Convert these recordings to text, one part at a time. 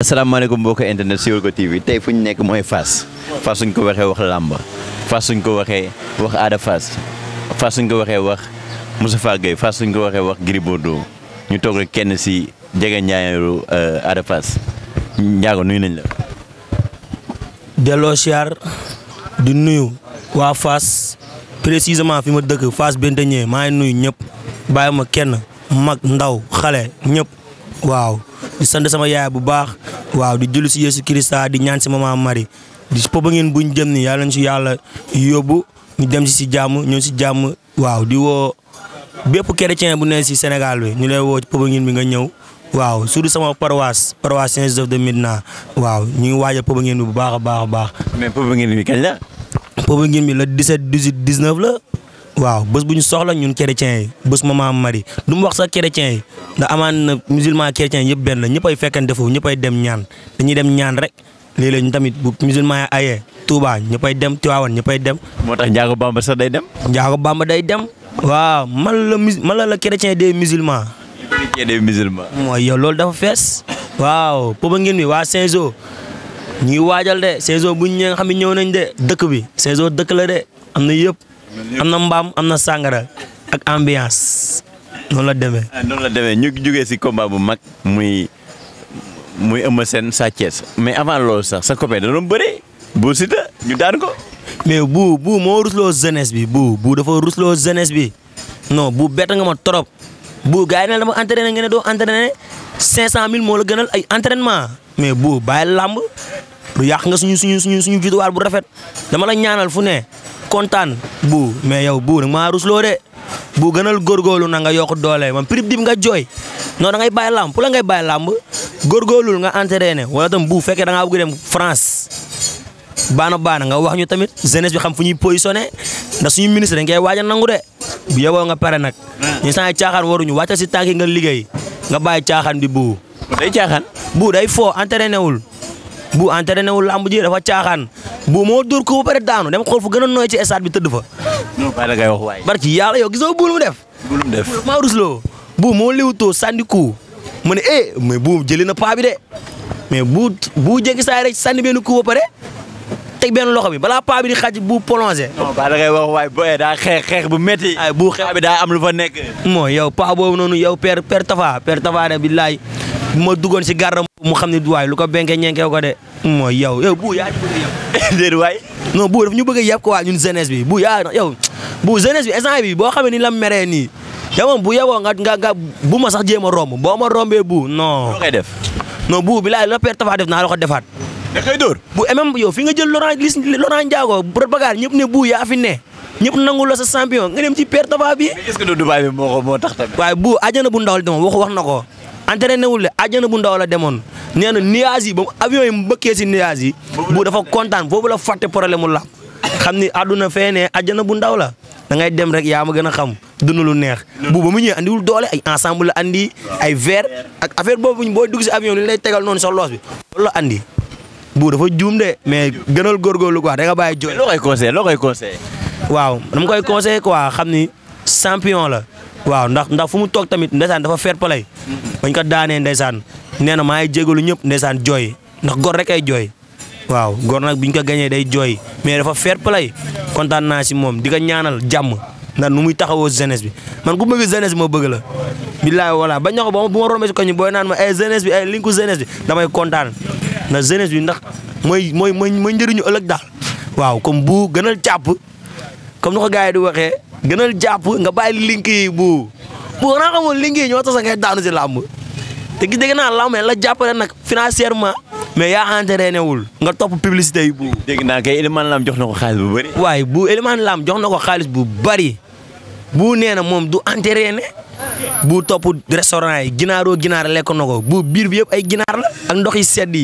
asalaamaaleykum mbokki internet Siweulko TV tey fu ñu nekk mooy Fass Fass suñ ko waxee wax làmb Fass suñ ko waxee wax Ada Fass Fass suñ ko waxee wax Moustapha Gueye Fass suñ ko waxee wax Gris Bordeaux ñu toog kenn si jege ñaareelu euh, Ada Fass njaago nuyu nañ la. delloo siyaar di nuyu waa Fass précisément fi ma dëkk Fass Bentañe maa ngi nuyu ñëpp bàyyi ma kenn mag ndaw xale ñëpp. waaw di sant sama yaay bu baax waaw di julli si Yesu Kirista di ñaan si maman Marie di si popa ngeen bu jëm ni yàlla nañ si yàlla yóbbu ñu dem si si jàmm ñëw si jàmm waaw di woo bépp chrétien bu ne si Sénégal bi ñu lay woo popa ngeen bi nga ñëw waaw surtout sama paroisse paroisse Saint-Joseph de Médina waaw ñu ngi waaj a ngeen bi bu baax a baax baax. mais popa ngeen bi kañ la. popa bi la 17 la. waaw bés bu ñu soxla ñun chrétiens yi ma maam mari du mu wax sax chrétiens yi ndax amaan na musulman chrétien yëpp benn la ñëppay fekkante foofu pay dem ñaan dañuy dem ñaan rek léeg-léeg ñu tamit bu musulman yi ayee Touba ñëppay dem Tiwaawan pay dem. moo tax Njaago Bamba sax day dem. Njaago Bamba day dem. waaw man la mus man la la chrétien des musulmans. chrétien des musulmans. mooy yow loolu dafa fees. waaw Popenguine ngeen bi waa saint ñuy ñu ngi waajal de saint bu ñu nga xam ne ñëw nañ de dëkk bi saint dëkk la de am na yëpp. am na mbaam am na sàngara ak ambiance noonu la demee. Ah, noonu la demee ñu jugee si combat bu mag muy muy Eumeu Sène Sa Thiès mais avant loolu sax sa copain da doon bëri Bou Siteu ñu daan ko. mais bu bu moo rusloo jeunesse bi bu bu dafa rusloo jeunesse bi non bu bett nga ma trop bu gars yi la ma entraîné nga ne doo entraîné cinq cent mille moo la gënal ay entraînement mais bu bàyyi làmb lu yàq nga suñu suñu suñu suñu victoire bu rafet dama la ñaanal fu ne kontaan bu mais yow bu nag maa loo de bu gënal góorgóorlu na nga yokk doole man prix dib nga jooy non da ngay bàyyi làmb pour la ngay bàyyi làmb góorgóorlu nga entraîné wala tam bu fekkee da ngaa bëgg dem France baana baana nga wax ñu tamit jeunesse bi xam fu ñuy positionné ndax suñu ministre dañ koy waaj a nangu de bu yeboo nga pare nag ñu saa caaxaan waruñu wàcce si tànk yi nga liggéey nga bàyyi caaxaan bi bu day caaxaan bu day foo entraîné wul bu entraîné wul làmb ji dafa caaxaan bu moo dóor ko ba pare daanu dem xool fu gën a nooy ci stade bi tëdd fa. non bàyyi la ngay wax waay. barki yàlla yow gisoo buul mu def. buul mu def maa rusloo. moo liwutoo sànni ku mu ne eh mais bu jëlee na paa bi de mais bu bu jéggi saa rek benn ku pare teg benn loxo bi balaa paa di xaj bu prolongé. non bàyyi eh, daa xeex xeex bu métti. bu xeex bi daa am lu fa nekk. moo yow paa boobu noonu yow père père Tafa père Tafa de billaay bu ma duggoon si gàrram mu xam ne waay lu ko benke ñenke ko de mooy yow bu yaa ñu waay non bu dafa ñu bëgg a yàpp waa ñun jeunesse bu yaa yow bu jeunesse bi instant bi boo xamee nii yow bu yowoo nga nga bu ma sax jéem a romb boo ma rombee bu no koy def non bu bi laay la père tafaa def naa la ko defaat da koy dóor bu même yow fi nga jël Laurent Liss Laurent Ndiago propagande ñëpp ne bu yaa fi ne ñëpp nangu la sa champion nga dem ci père tafaa bi est-ce que du Dubaay bi moo waaye bu àjjana bu ndaw li dama wax na ko entraîné wul de àjjana bu ndaw la demoon nee na nuages yi ba avion yi mbëkkee si nuages yi. bu dafa kontaan foofu la fàtte problème mu làmb xam ni àdduna fee ne àjjana bu ndaw la da ngay dem rek yaa ma gën a xam dund lu neex. bu ba mu ñëwee andiwul doole ay ensemble la andi ay verre ak affaire boobu boo dugg si avion li lay tegal noonu sa loos bi loolu andi. bu dafa juum de mais gënal góorgóorlu quoi da nga bàyyi jooy. loo koy conseillé loo koy conseillé. waaw dama koy conseillé quoi xam ni champion la. waaw ndax ndax fu mu toog tamit ndeysaan dafa fair play bañ ko daanee ndeysaan nee na maa ngi jégalu ñëpp ndeysaan jooy ndax gor rek ay jooy waaw gor nag biñ ko gañee day jooy mais dafa fair play kontaan naa si moom di ko ñaanal jàmm ndax nu muy taxawoo jeunesse bi man ku bëgg jeunesse bi ma bëgg la billaay wala ba bu ma rombee si ko ñu booy naan ma ay eh, jeunesse bi ay eh, linku jeunesse bi damay kontaan na jeunesse bi ndax mooy mooy mooy njëriñu ëllëg daal waaw comme bu gënal càpp comme ni ko gars gënal japp nga bay link yi bu bu na xamul link yi ñoo tax nga daanu ci lamb te gis dégg na lamb la jàppale nak financièrement mais ya entraîné wul nga top publicité yi bu. dégg na kay Lam jox nako xaaliss bu bari. way bu Elimane Lam jox nako xaaliss bu bari. bu nee na du entraîné bu topu restaurant yi ginaaro ginaar lek nako bu bir bi yëpp ay ginaar la ak ndox yi sedd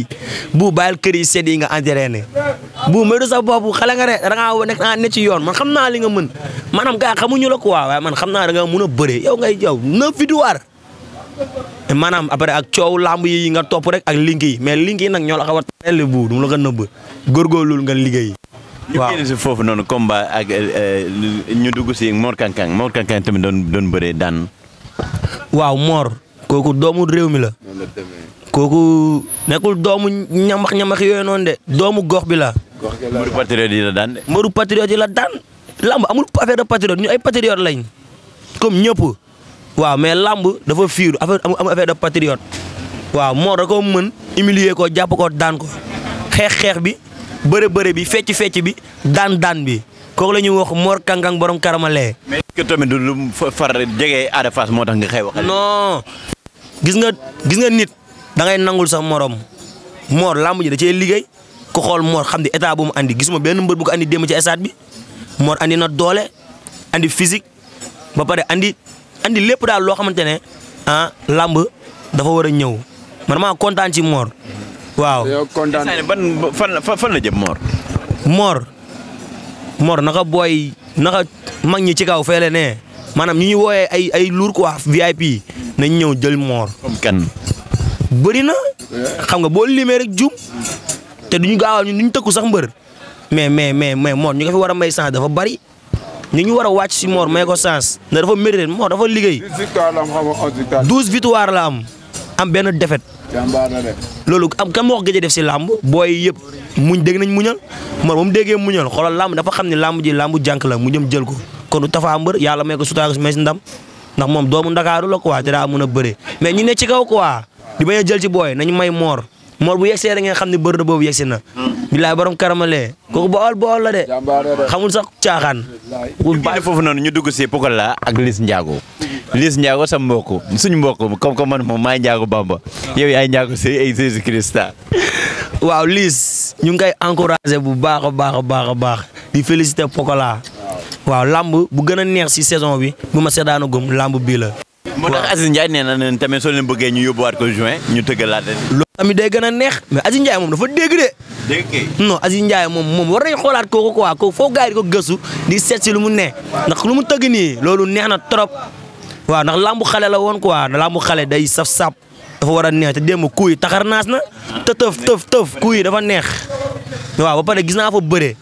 bu bayal kër yi sedd yi nga entraîné bu moytu sa bobu xala nga re da nga nek na ne ci yoon man xamna li nga mën manam ga xamuñu la quoi way man xamna da nga mëna beure yow ngay jaw na victoire maanaam après ak ciow lamb yi nga top rek ak link yi mais link yi ñoo la xaw tel bu dum la ko nëbb góorgóorlu nga liggéey. waaw ñu si foofu noonu combat ak eh, eh, ñu dugg si Mor Kang Mor Kang Kang tamit don doon bëree daan. waaw Mor kooku doomu réew mi la. Koku nekul doomu ñamax ñamax yoy non de doomu gox bi la. mouru patriote yi la dan de. mouru patriote yi la dan lamb amul affaire de patriote ñu ay patriote lañ comme ñepp waaw mais lamb dafa fiir affaire amul affaire de patriote waaw mo da ko mën humilier ko japp ko dan ko xex xex bi beure beure bi fecc fecc bi dan dan bi kooku lañu wax Mor kangang borom Karamale. mais que tamit du lu far jege Ada face motax nga xey wax. non gis nga gis nga nit da ngay nangul sax morom mor lamb ji da cee liggéey ku xool moor xam di état bu mu andi gisuma benn mbeur bu ko andi dem ci état bi mor andi na doole andi physique ba pare andi andi lepp daal lo xamantene ah lamb dafa war a ñëw man ma contane ci mor waaw. yow kontaan ban fan fan la jëm mor, mor, mor naka boy naka magni ci kaw fele ne manam ñu ñu ay ay luur quoi VIP na ñew jël mor comme kenn bari na xam nga bo limee rek jum te duñu gawal ñun ñu tekk sax mbeur mais mais mais mais mo ñu ko fi wara may sans dafa bari ñu ñu wara wacc ci mort may ko sans na dafa mérite mo dafa liggéey. 12 victoires la am am ben défaite. lolu am kam wax gëjë def ci lamb boy yëpp muñ dégg nañ muñal mo ba mu déggee muñal xolal lamb dafa xamni lamb ji lamb jank la mu ñëm jël ko kon du tafa mbeur yalla may ko sutaag may si ndam ndax mom doomu ndakaaru la quoi te daa mun a mais ñi ne ci kaw quoi di bañ jël ci boy nañu may mor mor bu yexé rek nga xamni ne bërëb boobu yegsi na. borom karamale ko bool bool la dé xamul sax tiaxan bu bàyyi fofu non ñu dugg si Pokola ak Liss Ndiago. Liss Ndiago sa mbokk suñu mbokk comme comme man moom Ndiago Bamba. yow yaay Ndiago si ay Jésus christa waaw Liss ñu ngay encourager bu baaxa baaxa baaxa baax di féliciter Pokola. waaw lamb bu gëna neex ci saison bi bu ma sédano gum lamb bi la. moo tax Aziz Ndiaye nee na leen tamit soo leen bëggee ñu yóbbuwaat ko juin ñu tëggalaat leen. loolu tamit day gën a neex mais Aziz Ndiaye moom dafa dégg de. dégg kay non Aziz Ndiaye moom moom war nañu xoolaat kooku quoi kooku foo gars yi di ko gëstu di seet si lu mu ne ndax lu mu tëgg nii loolu neex na trop waaw ndax lambu xale la woon quoi lambu xale day saf sap dafa war a neex te démb kuu yi taxar naas na te tëf tëf tëf kuu yi dafa neex waaw ba pare gis naa fa bëre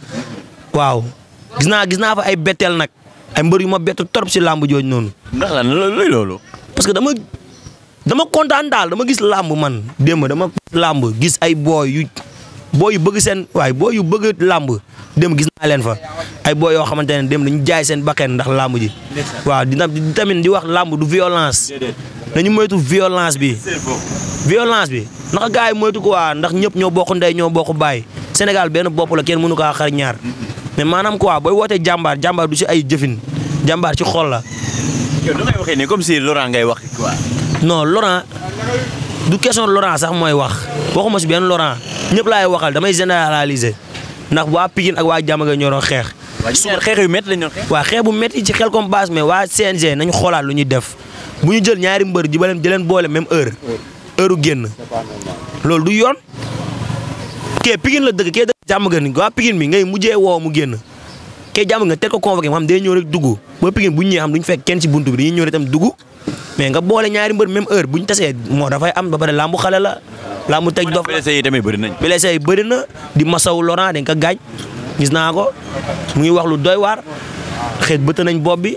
waaw gis naa gis naa fa ay bettel nag Emberi ma bett trop si lambu jo nun ndak lan lo lo pas que dama dama kontan dal dama gis lambu man dem dama lambu gis ay boy yu you yu bëgg sen way boy yu bëgg lambu dem gis na len fa ay boy yo xamantene dem démb dañu jaay sen bakkan ndax lambu ji. wa di tamit di wax lambu du violence. dañu moytu violence bi. violence bi naka gaay moytu ko waa ndax ñep ño bokk nday ño bokk bay senegal senegal bop la kenn mënu kaa xar ñaar. mais maanaam quoi boy wootee jàmbaar jàmbaar du si ay jëfin jàmbaar ci xol la. yow waxee nii comme si ngay wax quoi. non Laurent du question Laurent sax mooy wax waxuma si benn Laurent ñëpp laay waxal damay généraliser ndax waa Pikine ak waa Diamaguène ñoo doon xeex. waa xeex yu métti lañ xeex. waa xeex bu métti ci xel comme base mais waa CNG nañu xoolaat lu ñuy def bu ñu jël ñaari mbër ji ba leen jëleen boole même heure heure u génn du yoon. ke pigin la dëkk kee jam nga ni ko pigin mi ngay mujjé wo mu genn ke jam nga té ko convoqué mo am dé ñëw rek duggu ba pigin bu ñëw am duñ fekk kenn ci buntu bi dañuy ñëw rek tam dugg mais nga boole ñaari mbeur même heure buñ tassé mo da fay am ba pare lambu xalé la làmbu tej dof blessé yi tamit bari nañ blessé yi bari na di masaw Laurent dañ ko gaaj gis na ko muy wax lu doy war xéet bëtt nañ bobbi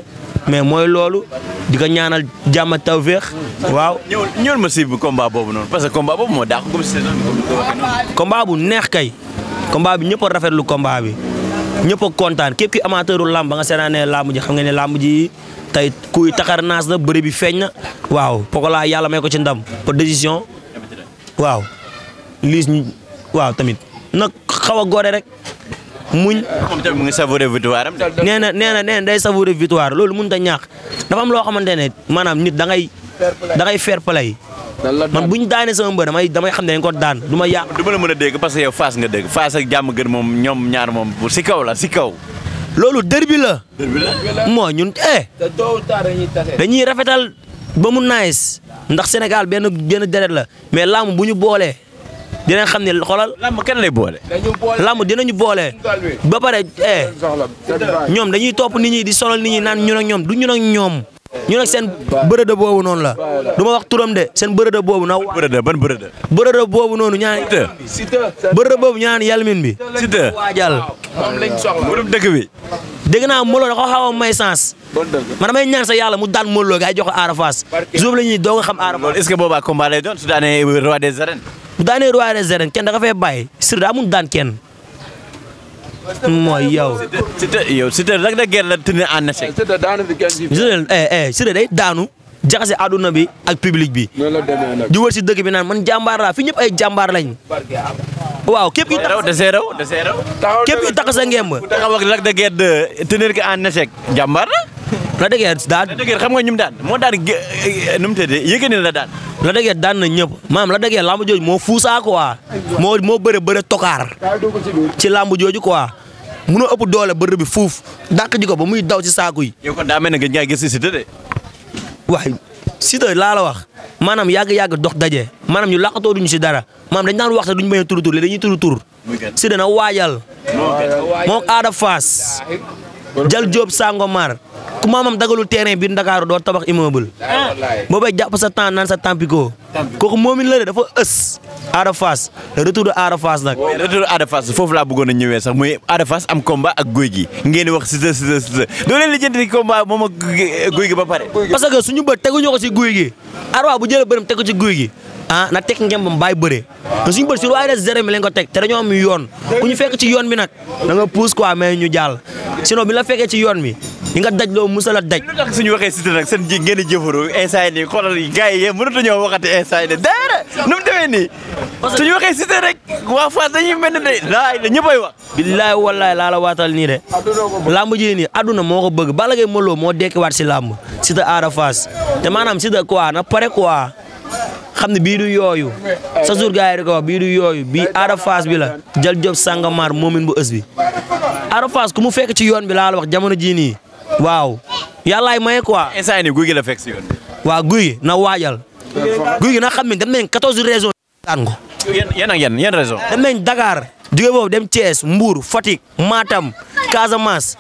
mais moy lolu di ko ñaanal jàmm ak tawféex. waaw ñëwal ñëwal ma si combat boobu noonu parce que combat boobu moo dàq comme bu neex kay. combat bi ñëpp a rafetlu combat bi ñëpp kontaan képp ki amateuru làmb ba nga seetaanee làmb xam nga ne làmb ji tey kuy taxar naas la bëri bi feeñ na. waaw Pokola yàlla may ko ci ndam pour décision waaw liis waaw tamit nag xaw a góore rek. muñ mom tamit ngi savourer victoire am neena neena neena day savourer victoire lolu mën ta ñak dafa am lo xamantene manam nit da ngay da ngay fair play man buñ daane sama mbeur damay damay xam ne ko daan duma ya duma la mëna dégg parce que yow face nga dégg face ak jamm gën mom ñom ñaar mom ci kaw la ci kaw lolu derby la derby la mo ñun eh dañuy rafetal ba mu nice ndax senegal ben ben deret la mais lamb buñu bolé dina xam ne xoolal. làmb kenn lay boole. làmb dinañu boole. ba pare eh ñoom dañuy topp nit ñi di sonal nit ñi naan ñun ak ñoom du ñun ak ñoom. ñu nag seen bërëda boobu noonu la du ma wax turam de seen bërëda boobu na bërëda ban bërëda bërëda boobu noonu ñaan bërëda boobu ñaan yalmin bi sita waajal mburum dëkk bi dégg naa moloo da ko xaw mu daan moloo ga ay jox ko aarafaas jour la ñuy doog a xam aarafaas est-ce que boobaa bu roi des ken kenn da nga fay bay sir da mun dan ken moy yow. Siteu yow Siteu rek da gën la tenir en échec. Siteu daanu fi eh ji. Eh, day daanu jaxase aduna bi ak public bi. di wër ci deug bi nan man jambar la fi ñep ay eh, jambar lañ. waaw kep yu tax de raw de raw. kep yu tax sa ngemb. taxaw rek da de tenir ko en échec jambar la la de guerre daan la de guerre xam nga ñum daan mo daan eh, num tede eh, iya yegene la daan la de guerre daan na ñepp maam la de guerre lamb joju mo fuusa quoi ah. mo mo beure beure tokar ci lamb joju quoi ah. mëno ëpp doole beure bi fuuf dak jiko ba muy daw ci saaku yi yow ko da melne gëj nga gis ci de way sita la la wax manam yag yag dox dajé manam ñu lakato duñu ci dara manam dañ daan wax duñu bañ tour tour dañuy tour tour sita na wajal mok ada fas Jal Diop Sangomar ku maamam dagalul terrain biir Ndakaaru doo tabax immeuble. Ah. boo bay jàpp sa temps naan sa tampiko. kooku moomin la dafa ës. Ada Fass le retour de Ada Fass nag. mais retour de Ada Fass foofu laa bëggoon a ñëwee sax moy Ada Fass am combat ak Gouye Gui ngeen wax si sa si sa si sa doo leen lijjanti combat moom ak Gouye ba pare. parce que suñu bët teguñu ko si guy Gui. Arwa bu jëlee bërëm tegu ci Gouye Gui. ah na teg ngembam bàyyi baay te suñu bëri sur waaye de zéro mi lañ ko teg te dañoo am yoon ku ñu fekk ci yoon bi nag da nga pousse quoi mais ñu jàll sinon bi la fekkee ci yoon mi di nga daj loo musala daj. lu tax suñu waxee Siteu nag seen ji ngeen di jëfandu instant yii xoolal gars yi mënut a ñëw waxati instant yii de dara nu mu demee nii. suñu waxee Siteu de laay laa la waatal nii de làmb ji nii àdduna moo ko bëgg Balla Gaye Modou Lô moo dekkiwaat si làmb Siteu Ada Fass te maanaam Siteu quoi na pare quoi. xam ne bii du yooyu sa jour ko bii du yooyu bii Ada Fass bi la jël job Sangomar moomin bu ës bi Ada Fass ku mu fekk ci yoon bi laa la wax jamono jii nii waaw yàllaay may quoi. instant yii guy gi la fekk si yoon bi. waaw guy na waajal. guy gi na xam ne dem nañ 14 régions daan ko. yéen ak yéen yéen régions. dem nañ Dakar. jóge boobu dem Thiès Mbour Fatick Matam Casamance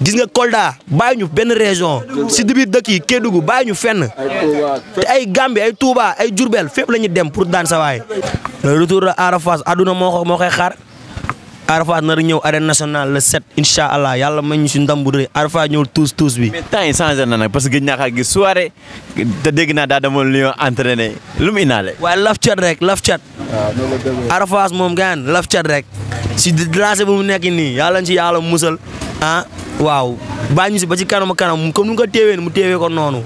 gis nga Kolda bàyyi ñu benn région si biir dëkk yi Kédougou bàyyi ñu fenn te ay Gambie ay Touba ay Diourbel fépp la ñu dem pour daan sa waay. le retour de Arafas àdduna moo ko moo koy xaar Arafas nar ñëw arène nationale le 7 incha allah yàlla may ñu si ndam bu rëy Arafas ñëwul tuus tuus bi. mais temps yi changé parce que ñaax a gis soirée te dégg naa daa demoon Lyon entraîné lu mu indaale. waaye laf cat rek laf cat. Arafas moom gaan laf cat rek. si lancé bu mu nekk nii yàlla ci yàlla musal ah waaw baa ñu si ba ci kanam kanam comme ni nga ko mu téewee ko noonu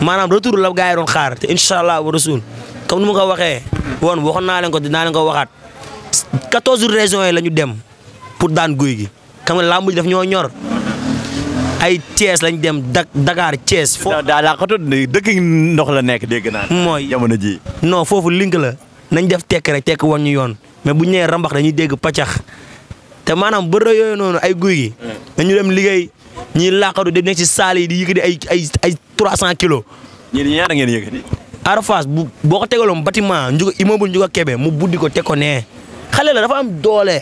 maanaam retour la gars yi doon xaar te incha allah wa rasul comme ni ma ko waxee woon waxoon naa leen ko dinaa leen ko waxaat quatorze régions yi la ñu dem pour daan guy gi xam nga làmb ji daf ñoo ñor ay Thiès lañ dem Dakar Thiès. foofu daal laa xatut dëkk ndox la nekk dégg naa. mooy jamono ji non foofu link la nañ def tekk rek tekk woon ñu yoon. mais bu ñu rambax dañuy dégg té manam bu bëre yoy nonu ay guuy gi dañu dem liggéey ñi laqadu di nek ci salle yi di yëkkati ay ay 300 kg ñi ñii ñaata ngeen yëkkati. arfas bu boo ko bâtiment njugo immeuble njugo kébé mu buddi ko té ko né xalé la dafa am doolé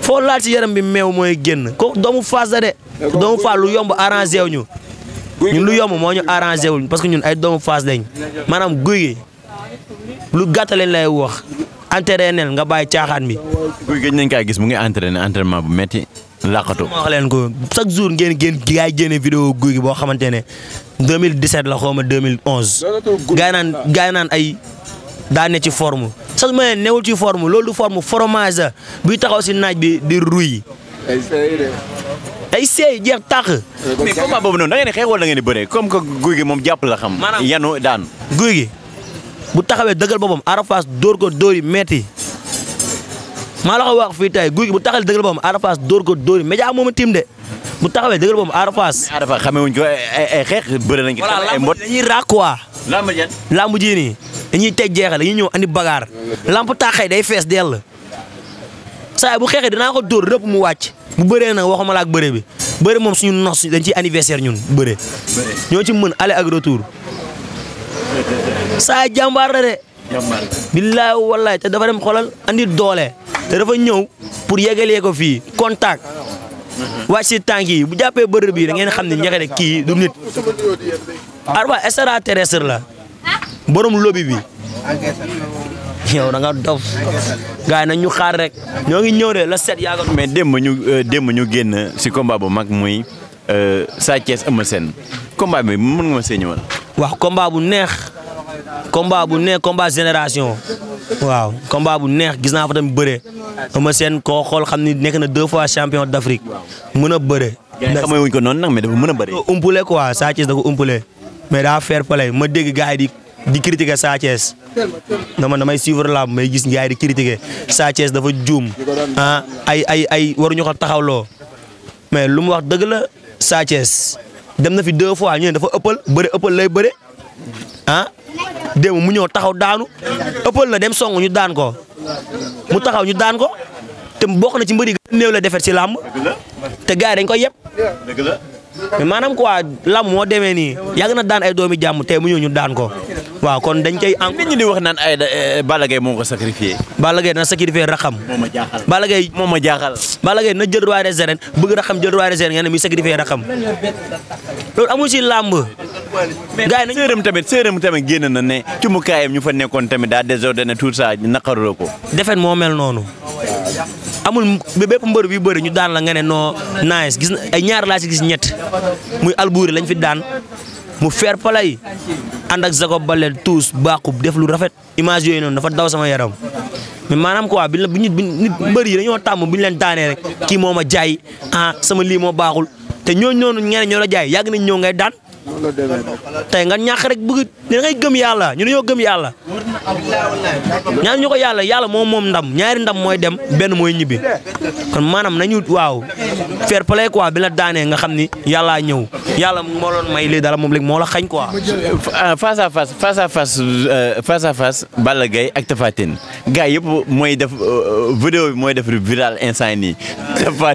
fo laal ci yaram bi mew moy genn ko doomu Fass dé doomu fa lu yomb arrangé wuñu ñu. ñun lu yomb moñu arrangé wuñu parce que ñun ay doomu Fass dañ manam guuy gi lu gatalen lay wax. entraînel nga bàyyi caaxaan bi. guy gëj nañ kaa gis mu ngi entraîné entraînement bu métti. làqatu ma wax leen ko chaque jour ngeen ngeen gaa génne vidéo guy gi boo xamante ne 2017 la xaw ma 2011. gaa naan gaa naan ay daa ci formu sax ma ne newul ci forme loolu du forme fromage la buy taxaw si naaj bi di ruy. ay seey jeex tàq. mais combat boobu noonu da ngeen xeex wala da ngeen di bëree comme que guy gi moom jàpp la xam. maanaam yanu daan guy gi. bu taxawé deugal boppam arafas dor ko dori metti ma la ko wax fi tay guuy bu taxal deugal boppam arafas dor ko dori yi média moom a de bu taxawé deugal boppam arafas Fass. xamé wuñ ko ay xex beure nañ ko. ay mbot dañuy ra quoi. lamb jeen lamb jii nii dañuy tej jeexal dañuy ñew andi bagar lamb taaxay day fess del sa bu xexé dina ko dor repp mu wacc bu beure nag waxuma la ak beure bi beure mom suñu nos dañ ci anniversaire ñun beure ñoo ci mën aller ak retour saa jàmbaar la de. jàmbaar te dafa dem xoolal andi doole. te dafa ñëw pour yegalee ko fii kontak waase si tànk yi bu jàppee bërëb bii da ngeen xam ne ñaxe ne kii du nit. Arba extraterrestre la. borom lobi bi. yow da nga dof gars ñu xaar rek ñoo ngi ñëw de la set yaa ko mais démb ñu euh, démb ñu génn si combat bu mag muy euh, Sa Thiès Eumeu sen combat bi mën nga ma see ñëwal wax combat bu neex combat bu neex combat génération waaw combat bu neex gis naa fa tamit bëre ama seen koo xool xam ni nekk na deux fois champion d'Afrique mën a bëre. gars yi xamee wuñ a bëre. umpule ko Sa Thiès dafa umpule mais daa fair play ma dégg gars di di critiquer Sa Thiès dama damay suivre làmb may gis gars yi di critiquer Sa dafa juum ah, ay ay ay waruñu ko taxawloo mais wax dëgg la Sa dem na fi deux fois ñu ne dafa ëppal bëri ëppal lay bëre ah démb mu ñëw taxaw daanu ëppal na dem song ñu daan ko mu taxaw ñu daan ko te bokk na ci mbëri gën néew la defer ci làmb te gars yi dañ koy yëpp mais maanaam quoi lam moo demee nii yàgg na daan ay doomi jàmm tey mu ñëw ñu daan ko waaw kon dañ cay. en nit ñi di wax naan ay eh, Balla Gaye moo ko sacrifié. Balla Gaye na sacrifié raxam. moo ma jaaxal Balla ma jaaxal. Balla Gaye na jël roi des arènes bëgg raxam jël roi des arènes nga ne muy sacrifié raxam loolu amul ci làmb. gaa yi tamit séeram tamit génn na ne ci mu ñu fa nekkoon tamit daa désordonné tout ça naqaruloo ko. defet moo mel noonu. amul bépp mbeur bi bëri ñu daan la no nice gis na ay ñaar la ci gis ñet muy albuuri lañ fi daan mu fair play and ak zago Bale tous baaxub def lu rafet image yoy non dafa daw sama yaram mais manam quoi biñ nit nit mbeur yi dañoo tam buñ leen daanee rek ki moma jaay ah sama li mo baaxul te ñoo ñoo ñeneen ñoo la jaay yag nañ ñoo ngay daan tay nga ñak rek bëgg da ngay gëm yalla ñu ñoo gëm yalla ñaan ñuko yalla yalla mo mom ndam ñaari ndam moy dem ben moy ñibi kon manam nañu waw fair play quoi bi la daanee nga xamni yalla ñew yalla mo moo loon may li dara mom lek mo la xagn quoi face à face face à face euh, face à face Balla gay ak Tapha gay yëpp moy def euh, euh, vidéo moy def viral instant ni Tapha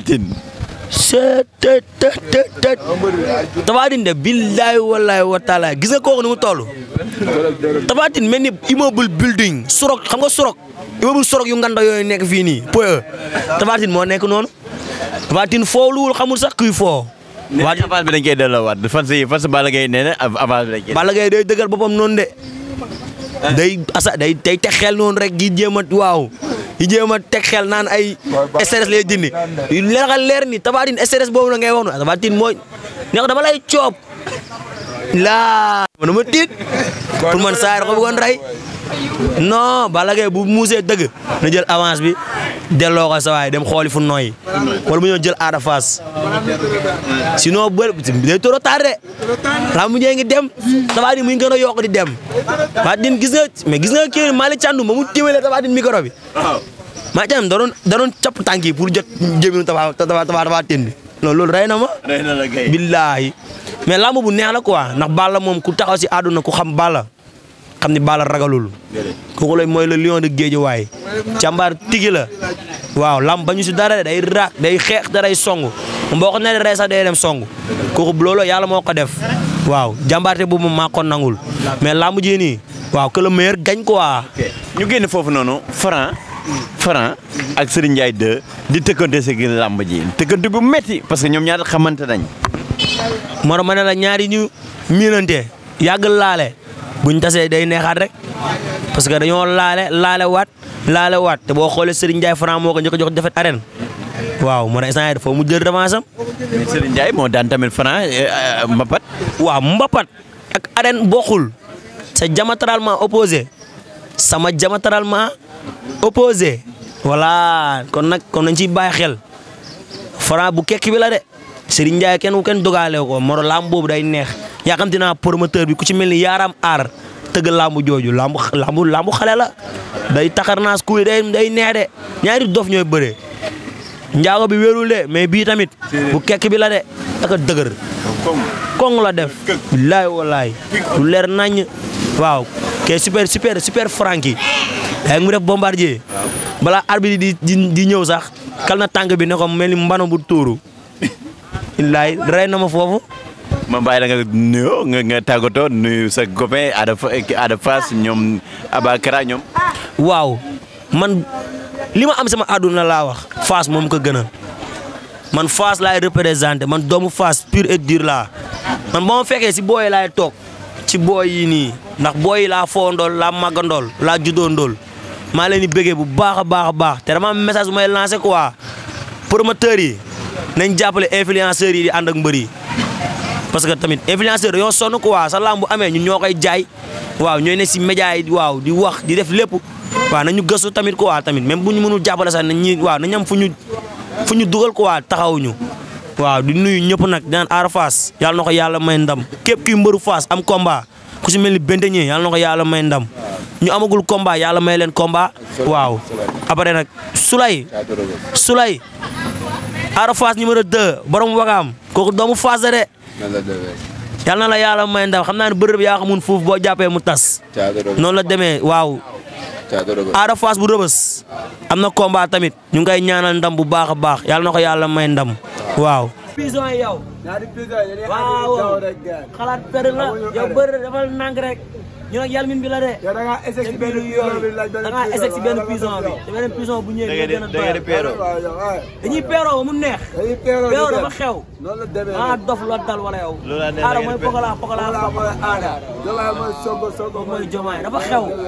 tabatin de billahi wallahi wa taala gis nga ko ni mu toll tabatin melni immeuble building surok xam nga surok immeuble surok yu ngando yoy nek fi ni poe tabatin mo nek non tabatin fo Tine fooluwul xamul sax kuy fo waa avance bi dañ koy wat fan si fan si balagay Gaye nee na avance bi day de ah. day asa day day texel non rek gi jema a di jéem a teg xel naan ay stress lay dindi leer nga leer ni Tapha Tine stress boobu la ngay wax Tapha Tine mooy neex dama lay coob laa. man ma tiit pour man saa yore ko bëggoon non Balla Gaye bu muusee dëgg na jël avance bi delloo ko sa waay dem xooli fu nooyi wala mu ñëw jël aada faas sinon bër day trop tard de la mu ngi dem Tapha Tine mu gën a yokk di dem Tapha Tine gis nga mais gis nga kii Malick Thiandoum ba mu téemélee micro bi Malick Thiandoum da doon da doon capp tànk yi pour jot jëminu Tapha Tapha Tapha Tine bi non na ma billaahi mais lamb bu neex la quoi ndax Balla moom ku taxaw si àdduna ku xam bala xamni balal ragalul kooku lay moy le lion de way càmbaar tigi la waw lam bañu ci dara day rak day xex daray song mboo ko ne rey sa day dem songu kooku loolu yàlla moo ko def waaw jàmbaarte boobu ma ko nangul mais lamb je ni waw que le meilleur gagne quoi ñu genn fofu nonu Franc Franc ak Serigne Ndiaye de di tëkkante si lamb ji tëkkante bu metti parce que ñom ñaar xamante nañ moro ma ne la ñaari ñu miinante yag laale bu ñu tasee day neexaat rek parce que dañoo laale laale waat laale waat te boo xoolee Serigne Ndiaye moo ko njëkk a jox defet arène waaw moo tax instant foo mu jël revanche am. mais Serigne Ndiaye moo daan tamit Franc euh, euh, Mbapat. waaw Mbapat ak arène bokkul c'est diamétralement opposé sama diamétralement opposé voilà kon nag kon nañ ci baaxel xel bu kekk la de Serigne Ndiaye kenn ku kenn dogaalee ko moro laam boobu day neex. yàkkamti naa promoteur bi ku ci mel ni yaaram aar tëgg làmbu jooju làmbu làmbu làmbu xale la day taxarnaas kuy day day neex de ñaari dof ñooy bëree njaago bi wérul de mais bii tamit bu kekk bi la de ak dëgër kong la def billaay wallaay lu leer nañ waaw ke super super super franki yaa ngi mu def bombardier balaa arbitre di di ñëw sax kal na tànk bi ne ko mel ni mbano bu tuuru billaay rey na ma foofu ma bàyyi la nga nuyo nga nga tagoto nuyo sa gome Ada eh, Ada nyom aba Abakara wow waaw man lima am sama aduna lawa wax Fass mom ko gënal man Fass lay représenté man doomu fast pur et dur la man mom ma si boy lai toog si boy ini nak boy la fondol la magondol la judondol ma juddoondool maa bege bu baakha baakha baax te dama message may lancer quoi promoteur yi nañ jàppale influenceur yi di and ak mbeuri parce que tamit influenceur yo sonu quoi sa lamb amé amee ñun ñoo jaay waaw ñoy ne ci média yi waaw di wax di def lepp waaw nañu gëssu tamit quoi tamit même buñu mënu mënul sa sax nañ waaw nañ am fuñu fuñu duggal quoi taxaw ñu waaw di nuyu ñëpp nak di naan face yalla nako yalla may ndam képp ki mbeuru face am combat ku ci melni ni yalla nako yalla may ndam ñu amagul combat yalla may leen combat waaw après nak sulay sulay aar Fass numéro 2 borom wagam koku doomu Fass de yal na la yàlla may ndam xam naa ne bërëb yaa xamun foofu boo jàppee mu tas. la demee waaw. Ada Fass bu rëbës. am na combat tamit. ñu ngi koy ñaanal ndam bu baax a baax yal na ko yàlla may ndam waaw. pison yow. waaw xalaat bëri la yow ñoo nag yàlla min bi la de. yow da ngaa essayé ci benn prison bi laaj benn prison da ngaa te benn prison bu ñëwee da ngeen di peeroo dañuy peeroo mu neex. dañuy peeroo di peeroo dafa xew. noonu la demee ah dof la dal wala yow. loolu la aada mooy pokalaa pokalaa.